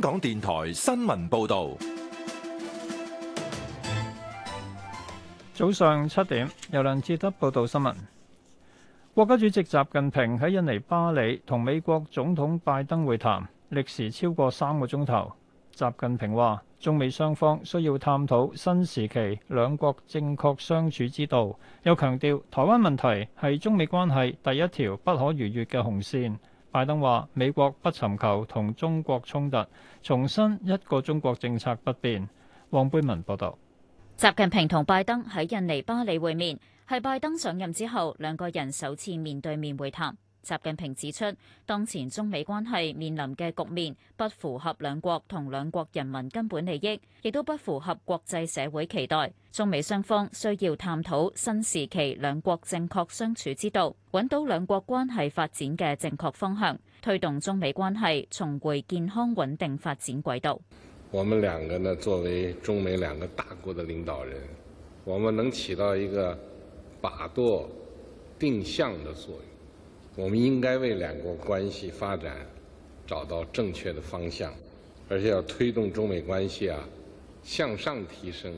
香港電台新聞報道，早上七點，由梁志德報道新聞。國家主席習近平喺印尼巴里同美國總統拜登會談，歷時超過三個鐘頭。習近平話，中美雙方需要探討新時期兩國正確相處之道，又強調台灣問題係中美關係第一條不可逾越嘅紅線。拜登話：美國不尋求同中國衝突，重申一個中國政策不變。黃貝文報道：「習近平同拜登喺印尼巴里會面，係拜登上任之後兩個人首次面對面會談。習近平指出，當前中美關係面臨嘅局面，不符合兩國同兩國人民根本利益，亦都不符合國際社會期待。中美雙方需要探討新時期兩國正確相處之道，揾到兩國關係發展嘅正確方向，推動中美關係重回健康穩定發展軌道。我們兩個呢，作為中美兩個大國的領導人，我們能起到一個把舵定向的作用。我們應該為兩國關係發展找到正確的方向，而且要推動中美關係啊向上提升。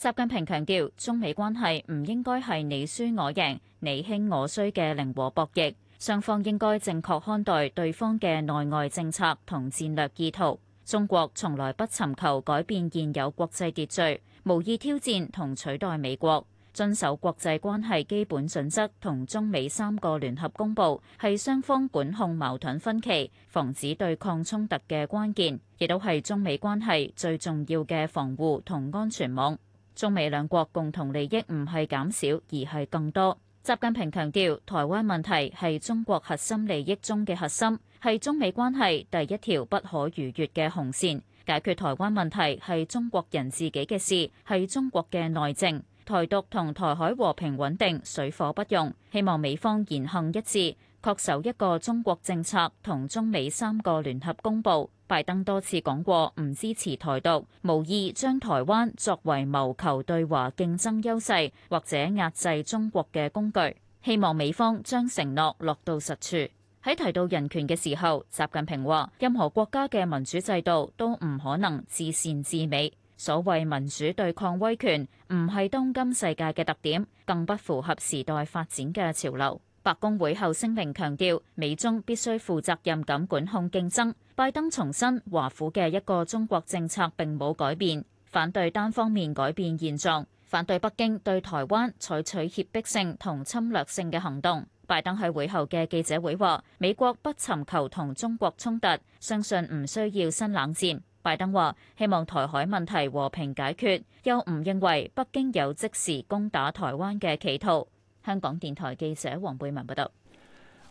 習近平強調，中美關係唔應該係你輸我贏、你興我衰嘅零和博弈，雙方應該正確看待對方嘅內外政策同戰略意圖。中國從來不尋求改變現有國際秩序，無意挑戰同取代美國。遵守國際關係基本準則，同中美三個聯合公佈，係雙方管控矛盾分歧、防止對抗衝突嘅關鍵，亦都係中美關係最重要嘅防護同安全網。中美兩國共同利益唔係減少，而係更多。習近平強調，台灣問題係中國核心利益中嘅核心，係中美關係第一條不可逾越嘅紅線。解決台灣問題，係中國人自己嘅事，係中國嘅內政。台獨同台海和平穩定水火不容，希望美方言行一致，恪守一個中國政策同中美三個聯合公佈。拜登多次講過唔支持台獨，無意將台灣作為謀求對華競爭優勢或者壓制中國嘅工具。希望美方將承諾落到實處。喺提到人權嘅時候，習近平話：任何國家嘅民主制度都唔可能至善至美。所謂民主對抗威權，唔係當今世界嘅特點，更不符合時代發展嘅潮流。白宮會後聲明強調，美中必須負責任咁管控競爭。拜登重申，華府嘅一個中國政策並冇改變，反對單方面改變現狀，反對北京對台灣採取脅迫性同侵略性嘅行動。拜登喺會後嘅記者會話，美國不尋求同中國衝突，相信唔需要新冷戰。拜登話：希望台海問題和平解決，又唔認為北京有即時攻打台灣嘅企圖。香港電台記者黃貝文報道。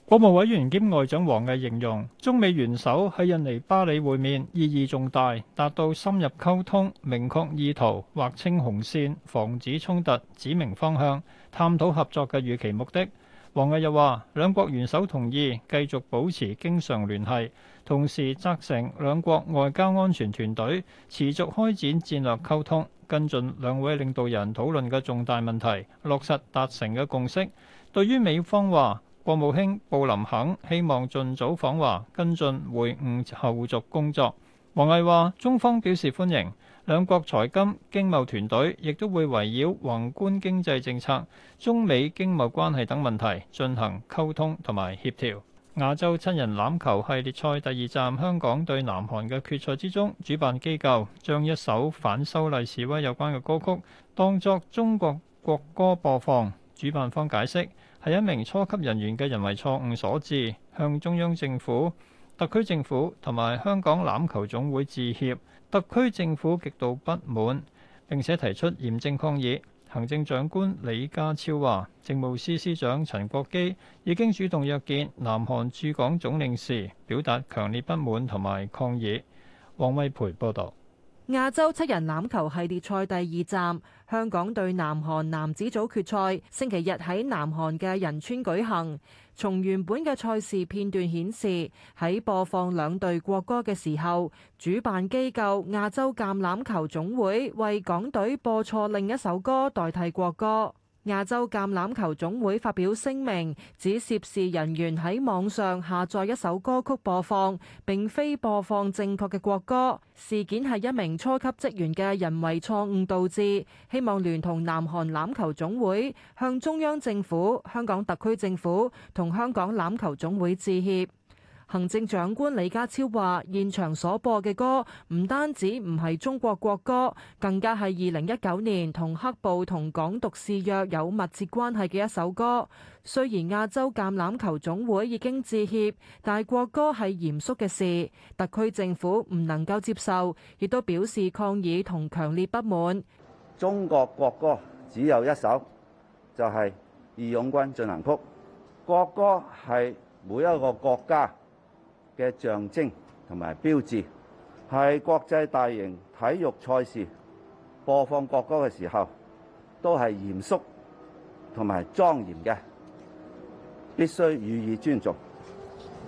國務委員兼外長王毅形，形容，中美元首喺印尼巴里會面意義重大，達到深入溝通、明確意圖、劃清紅線、防止衝突、指明方向、探討合作嘅預期目的。王毅又話，兩國元首同意繼續保持經常聯繫，同時責成兩國外交安全團隊持續開展戰略溝通，跟進兩位領導人討論嘅重大問題，落實達成嘅共識。對於美方話，國務卿布林肯希望盡早訪華，跟進會晤後續工作。王毅話：中方表示歡迎，兩國財金經貿團隊亦都會圍繞宏觀經濟政策、中美經貿關係等問題進行溝通同埋協調。亞洲七人欖球系列賽第二站香港對南韓嘅決賽之中，主辦機構將一首反修例示威有關嘅歌曲當作中國國歌播放。主辦方解釋，係一名初級人員嘅人為錯誤所致，向中央政府、特區政府同埋香港欖球總會致歉，特區政府極度不滿，並且提出嚴正抗議。行政長官李家超話，政務司司長陳國基已經主動約見南韓駐港總領事，表達強烈不滿同埋抗議。王惠培報導。亞洲七人欖球系列賽第二站，香港對南韓男子組決賽星期日喺南韓嘅仁川舉行。從原本嘅賽事片段顯示，喺播放兩隊國歌嘅時候，主辦機構亞洲橄欖球總會為港隊播錯另一首歌代替國歌。亞洲橄欖球總會發表聲明，指涉事人員喺網上下載一首歌曲播放，並非播放正確嘅國歌。事件係一名初級職員嘅人為錯誤導致，希望聯同南韓欖球總會向中央政府、香港特區政府同香港欖球總會致歉。行政長官李家超話：現場所播嘅歌唔單止唔係中國國歌，更加係二零一九年同黑暴同港獨肆虐有密切關係嘅一首歌。雖然亞洲橄欖球總會已經致歉，但係國歌係嚴肅嘅事，特區政府唔能夠接受，亦都表示抗議同強烈不滿。中國國歌只有一首，就係、是、義勇軍進行曲。國歌係每一個國家。嘅象徵同埋標誌，係國際大型體育賽事播放國歌嘅時候，都係嚴肅同埋莊嚴嘅，必須予以尊重。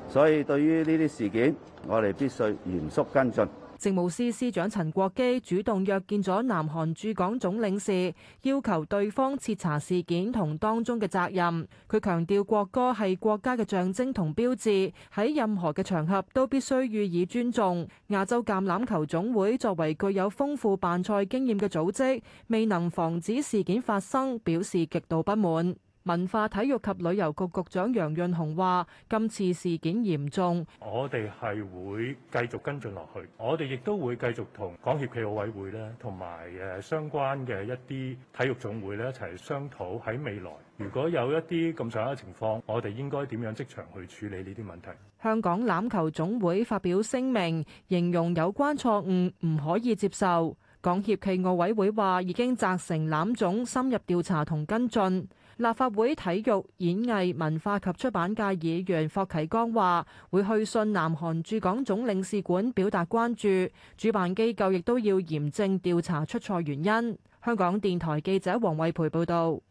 所以對於呢啲事件，我哋必須嚴肅跟進。政務司司長陳國基主動約見咗南韓駐港總領事，要求對方徹查事件同當中嘅責任。佢強調國歌係國家嘅象徵同標誌，喺任何嘅場合都必須予以尊重。亞洲橄欖球總會作為具有豐富辦賽經驗嘅組織，未能防止事件發生，表示極度不滿。文化、體育及旅遊局局長楊潤雄話：今次事件嚴重，我哋係會繼續跟進落去。我哋亦都會繼續同港協暨奧委會咧，同埋誒相關嘅一啲體育總會咧一齊商討喺未來，如果有一啲咁上下嘅情況，我哋應該點樣即場去處理呢啲問題。香港欖球總會發表聲明，形容有關錯誤唔可以接受。港協暨奧委會話已經責成欖總深入調查同跟進。立法會體育、演藝、文化及出版界議員霍啟剛話：會去信南韓駐港總領事館表達關注，主辦機構亦都要嚴正調查出錯原因。香港電台記者黃惠培報導。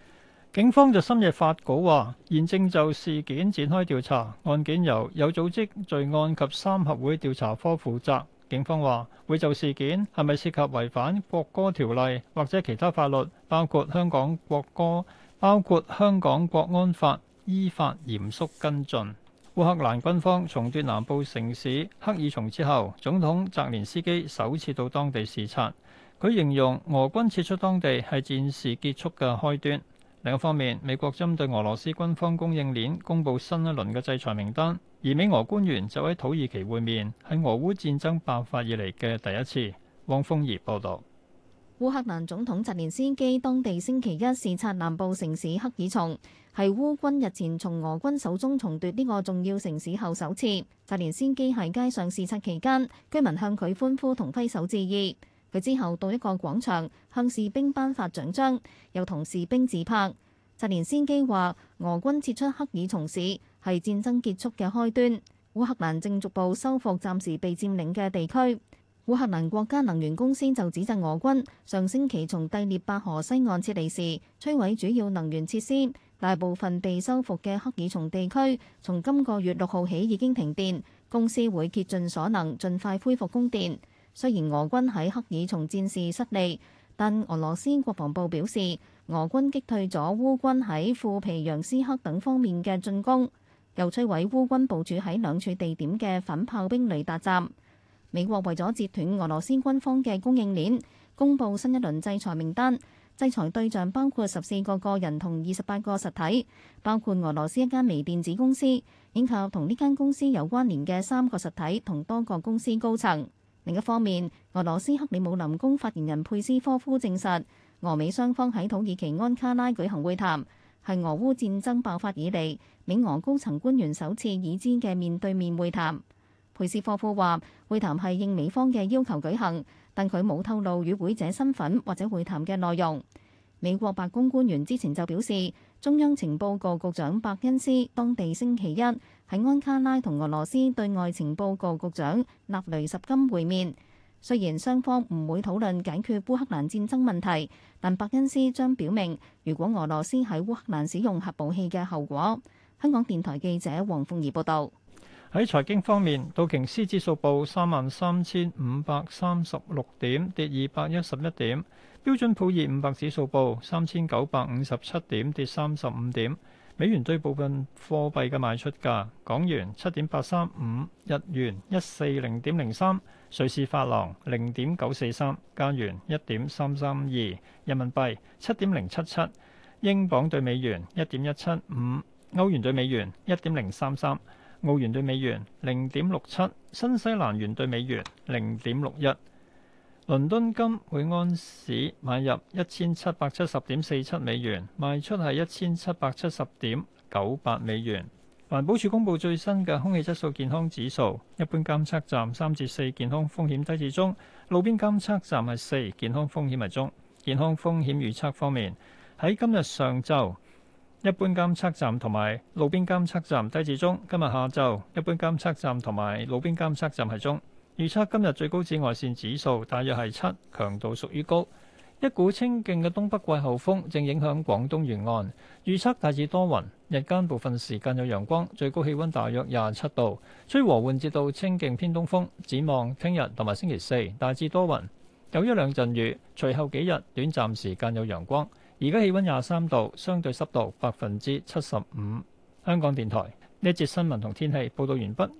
警方就深夜發稿話，現正就事件展開調查，案件由有組織罪案及三合會調查科負責。警方話會就事件係咪涉及違反國歌條例或者其他法律，包括香港國歌。包括香港國安法依法嚴肅跟進。烏克蘭軍方重奪南部城市克爾松之後，總統澤連斯基首次到當地視察。佢形容俄軍撤出當地係戰事結束嘅開端。另一方面，美國針對俄羅斯軍方供應鏈公佈新一輪嘅制裁名單，而美俄官員就喺土耳其會面，係俄烏戰爭爆發以嚟嘅第一次。汪峰儀報道。烏克蘭總統澤連斯基當地星期一視察南部城市赫爾松，係烏軍日前從俄軍手中重奪呢個重要城市後首次。澤連斯基喺街上視察期間，居民向佢歡呼同揮手致意。佢之後到一個廣場，向士兵頒發獎章，又同士兵自拍。澤連斯基話：俄軍撤出赫爾松市係戰爭結束嘅開端，烏克蘭正逐步收復暫時被佔領嘅地區。烏克蘭國家能源公司就指責俄軍上星期從第聶伯河西岸撤離時，摧毀主要能源設施。大部分被收復嘅克爾松地區，從今個月六號起已經停電。公司會竭盡所能盡快恢復供電。雖然俄軍喺克爾松戰事失利，但俄羅斯國防部表示，俄軍擊退咗烏軍喺庫皮揚斯克等方面嘅進攻，又摧毀烏軍部署喺兩處地點嘅反炮兵雷達站。美國為咗截斷俄羅斯軍方嘅供應鏈，公布新一輪制裁名單，制裁對象包括十四個個人同二十八個實體，包括俄羅斯一間微電子公司，以及同呢間公司有關連嘅三個實體同多個公司高層。另一方面，俄羅斯克里姆林宮發言人佩斯科夫證實，俄美雙方喺土耳其安卡拉舉行會談，係俄烏戰爭爆發以嚟，美俄高層官員首次已知嘅面對面會談。佩斯科夫話：會談係應美方嘅要求舉行，但佢冇透露與會者身份或者會談嘅內容。美國白宮官員之前就表示，中央情報局局長伯恩斯當地星期一喺安卡拉同俄羅斯對外情報局局長納雷什金會面。雖然雙方唔會討論解決烏克蘭戰爭問題，但伯恩斯將表明，如果俄羅斯喺烏克蘭使用核武器嘅後果。香港電台記者黃鳳儀報道。喺財經方面，道瓊斯指數報三萬三千五百三十六點，跌二百一十一點。標準普爾五百指數報三千九百五十七點，跌三十五點。美元對部分貨幣嘅賣出價：港元七點八三五，日元一四零點零三，瑞士法郎零點九四三，加元一點三三二，人民幣七點零七七，英鎊對美元一點一七五，歐元對美元一點零三三。澳元兌美元零點六七，新西蘭元兌美元零點六一。倫敦金每盎士買入一千七百七十點四七美元，賣出係一千七百七十點九八美元。環保署公布最新嘅空氣質素健康指數，一般監測站三至四，健康風險低至中，路邊監測站係四，健康風險為中。健康風險預測方面，喺今日上晝。一般監測站同埋路邊監測站低至中。今日下晝一般監測站同埋路邊監測站係中。預測今日最高紫外線指數大約係七，強度屬於高。一股清勁嘅東北季候風正影響廣東沿岸，預測大致多雲，日間部分時間有陽光，最高氣温大約廿七度，吹和緩至到清勁偏東風。展望聽日同埋星期四大致多雲，有一兩陣雨，隨後幾日短暫時間有陽光。而家氣溫廿三度，相對濕度百分之七十五。香港電台呢一節新聞同天氣報道完畢。